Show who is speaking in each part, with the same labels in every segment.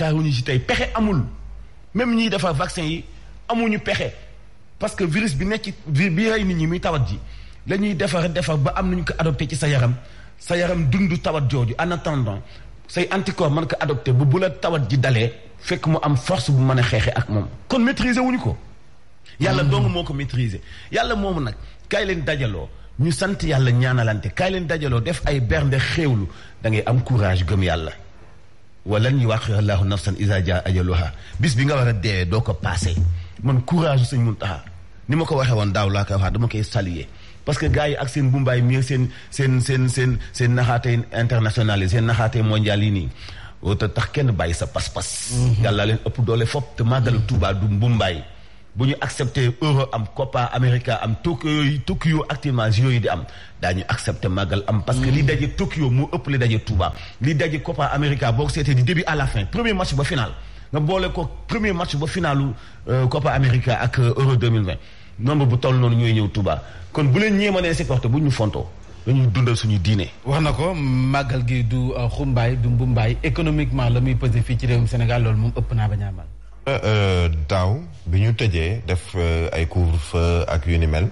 Speaker 1: taaruñu ci tey pexe amul même ñiy defar vaccin yi amuñu pexe parce que virus bi nekk ci bi rey nit ñi muy tawat ji la ñuy defar defar ba am nañu ko adopté ci sa yaram sa yaram dundu tawat jooju en attendant say anticorps mën ko adopté bu bula la tawat ji dalee fekk mu am force bu mën a xeexee ak moom kon maîtriser wuñu ko yàlla dong moo ko maîtriser yàlla moomu nag kaay leen dajaloo ñu sant yàlla ñaanalante kaay leen dajaloo def ay bernde xéewlu da ngay am courage gëm yàlla walan yuwaaxiru allahu nafsan iza jaa ajaluha bis bi nga war a deewee doo ko paase man courage sëñ Muntaxa ni ma ko waxee woon daaw laa koy waxaat dama koy saluer parce que gars yi ak seen bumbaay mi seen seen seen seen seen naxaate international seen naxaate mondial yi nii te tax kenn bàyyi sa pas-pas mhm. yàlla leen ëpp doole fop te màggalu Tuubaa du bumbaay bu ñu accepté euro am Copa America am Tokyo yooyu Tokyo actuellement yooyu di am daañu accepté màggal am. parce que li daje Tokyo moo ëpp li daje Touba. li daje Copa America boo seetee du début à la fin premier match ba final nga boole ko premier match ba finalu euh, Copa America ak euh, euro 2020 nombre bu toll noonu ñooy ñëw Touba kon bu leen ñeemanee supporter bu ñu fontoo. dañuy dundal suñu diine. wax na ko màggal gi du euh, xumbaay du mbumbaay économiquement la muy pesé fii ci réewum Sénégal loolu moom ëpp naa ba
Speaker 2: Euh, euh, daaw bi ñu tëjee def euh, ay couvre-feu ak yu ni mel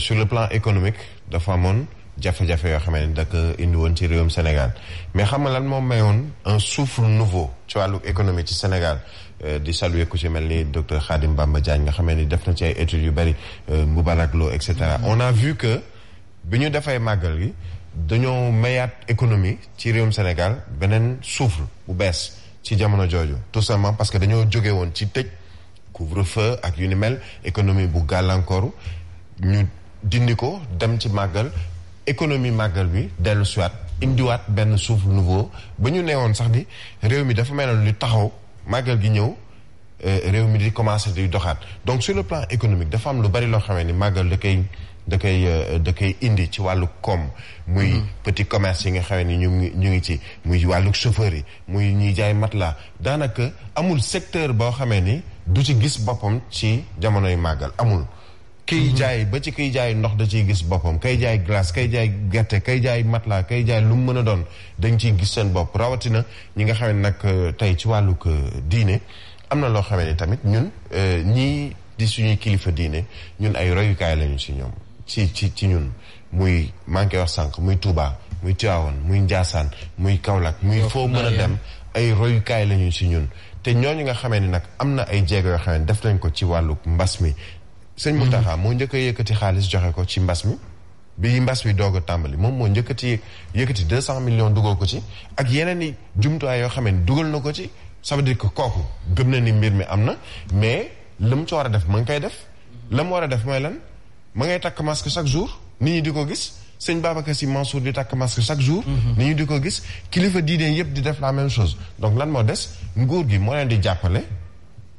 Speaker 2: sur le plan économique dafa amoon jafe-jafe yoo xam ni daka indi woon ci réewum Sénégal mais xam nga lan moo mayoon un souffle nouveau ci wàllu économie ci Sénégal di saluer ku ci mel ni docteur Khadim Bamba Diagne nga xam ni def na ci ay études yu bari Moubarak loo et cetera mm-hmm. on a vu que bi ñu defay màggal yi dañoo mayaat économie ci réewum Sénégal beneen souffle bu bees. ci jamono jooju tout simplement parce que dañoo jóge woon ci tëj couvre-feu ak yu ni mel économie bu gàllankooru ñu dindi ko dem ci màggal économie màggal bi dellu siwaat indiwaat benn suuf nouveau ba ñu neewoon sax ni réew mi dafa mel ne lu taxaw màggal gi ñëw Euh, réew mi di commencé di doxaat donc sur le plan économique dafa am lu bari loo xamee ni màggal da kay da koy euh, da koy indi ci wàllu koom. muy mm-hmm. petit commerce yi nga xamee ni ñu ngi ñu ngi ci muy wàllu chauffeur yi muy ñiy jaay matelas daanaka amul secteur boo xamee ni du ci gis boppam ci jamonoy màggal amul. kiy mm-hmm. jaay ba ci kiy jaay ndox da ciy gis boppam kay jaay glace kay jaay gerte kay jaay matelas kay jaay lu mu mën a doon dañ ciy gis seen bopp rawatina ñi nga xam ne nag euh, tey ci wàllug diine. am na loo xamee ni tamit ñun euh, ñii di suñuy kilifa diine ñun ay royukaay lañu ci ñoom ci ci ci ñun muy manqué wax sànq muy Touba muy Tivaouane muy Ndiassane muy Kaolack muy foo mën a dem ay royukaay lañu ci ñun te ñooñu nga xamee ni nag am na ay jéego yoo xam ne def nañ ko ci wàllu mbas mi sëñ mhm. Mountakha moo njëkk a yëkkati xaalis joxe ko ci mbas mi bi mbas mi doog a tàmbali moom moo njëkkati yëkkati deux cent millions dugal ko ci ak yeneen i jumtuwaay yoo xam ne dugal na ko ci ça veut dire que kooku gëm na ni mbir mi am na mais la mu ci war a def ma ngi koy def la mu war a def mooy lan ma ngay takk masque chaque jour nit ñi di ko gis sëñ Babacar Sy Mansour di takk masque chaque jour mhm. nit ñi di ko gis kilifa diine yëpp di def la même chose donc lan moo des nguur gi moo leen di jàppale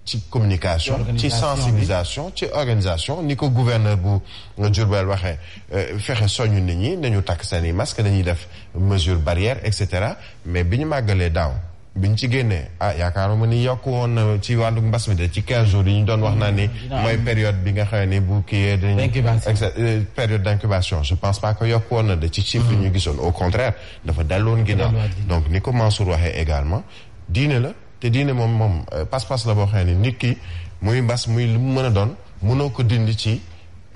Speaker 2: ci communication ci sensibilisation ci organisation ni ko gouverneur bu nga Diourbel waxee euh, fexe soñu nit ñi nañu takk seen i masque dañuy def mesure barrière et cetera mais bi ñu màggalee daaw bi biñ ci génnee ah yaakaar yaakaaruma ni yokk woon na ci wàllu mbas mi de ci quinze jours yi ñu doon wax naa ni mooy période bi nga xam ni bu kiiyee dañ euh, période d'incubation je pense pas yokk woon na de ci chiffre yi ñu mm. gisoon au contraire dafa delloon ginnaaw donc ni ko Mansour waxee également diine la te diine moom moom euh, passe-passe la boo xam ne nit ki muy mbas muy lu mu mën a doon mënoo ko dindi ci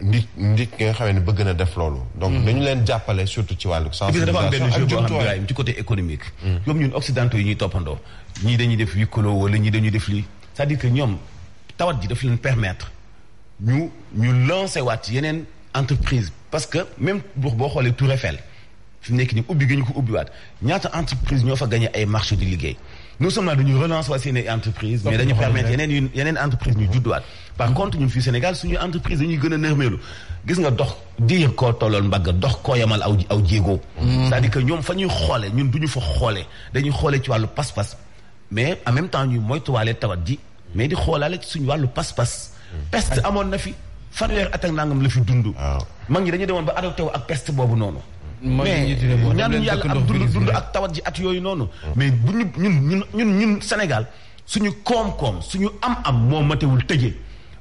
Speaker 2: ndik ndik nga xam ne bëgg na def loolu. donc dañu mm-hmm. leen jàppale surtout ci wàllu sensibilisation ak dafa am benn jeu boo xam
Speaker 1: ne ci côté économique. ñoom ñun occidentaux yi ñuy toppandoo. ñii dañuy def wikkolo wala ñii dañuy def lii cest dire que ñoom tawat ji daf leen permettre ñu ñu lancer waat yeneen entreprise parce que même boo xoolee tu Eiffel fi mu nekk nii ubbi gi ñu ko ubbiwaat ñaata entreprise ñoo fa gagné ay marché di liggéey. non seulement dañuy relance waa seen entreprise mais dañu permettre yeneen yeneen entreprise ñu judduwaat par contre ñun fii Sénégal suñu entreprise dañuy gën a nërmeelu gis nga dox diir koo tollool mbagg dox koo yamal aw aw jéego mm. c'est-à-dire que ñoom fa ñuy xoole ñun du ñu fa xoole dañuy xoole ci wàllu pas-pas mais en même temps ñuy moytuwaale tawat ji mais di xoolaale suñu wàllu pas-pas amoon na fi fan fanweer at ak nangam la fi dund mag ñi dañu demoon ba adopté wu ak peste boobu noonu mais ñaanuñu yàlla am dund dund ak tawat ji at yooyu noonu. mais bu ñu ñun ñun ñun ñun su ñu koom-koom suñu am-am moo matewul tëjee.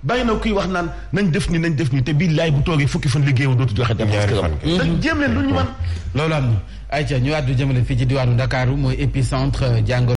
Speaker 1: bàyyi na kuy wax naan nañ def ni nañ def ni te billaay bu toogee fukki fan liggéeyam dootu joxe dem këram dañ jéem leen lu ñu man loolu am na ayca ñu àddu jëmale fii ci diwaanu Ndakaaru mooy épicentre euh, jàngoro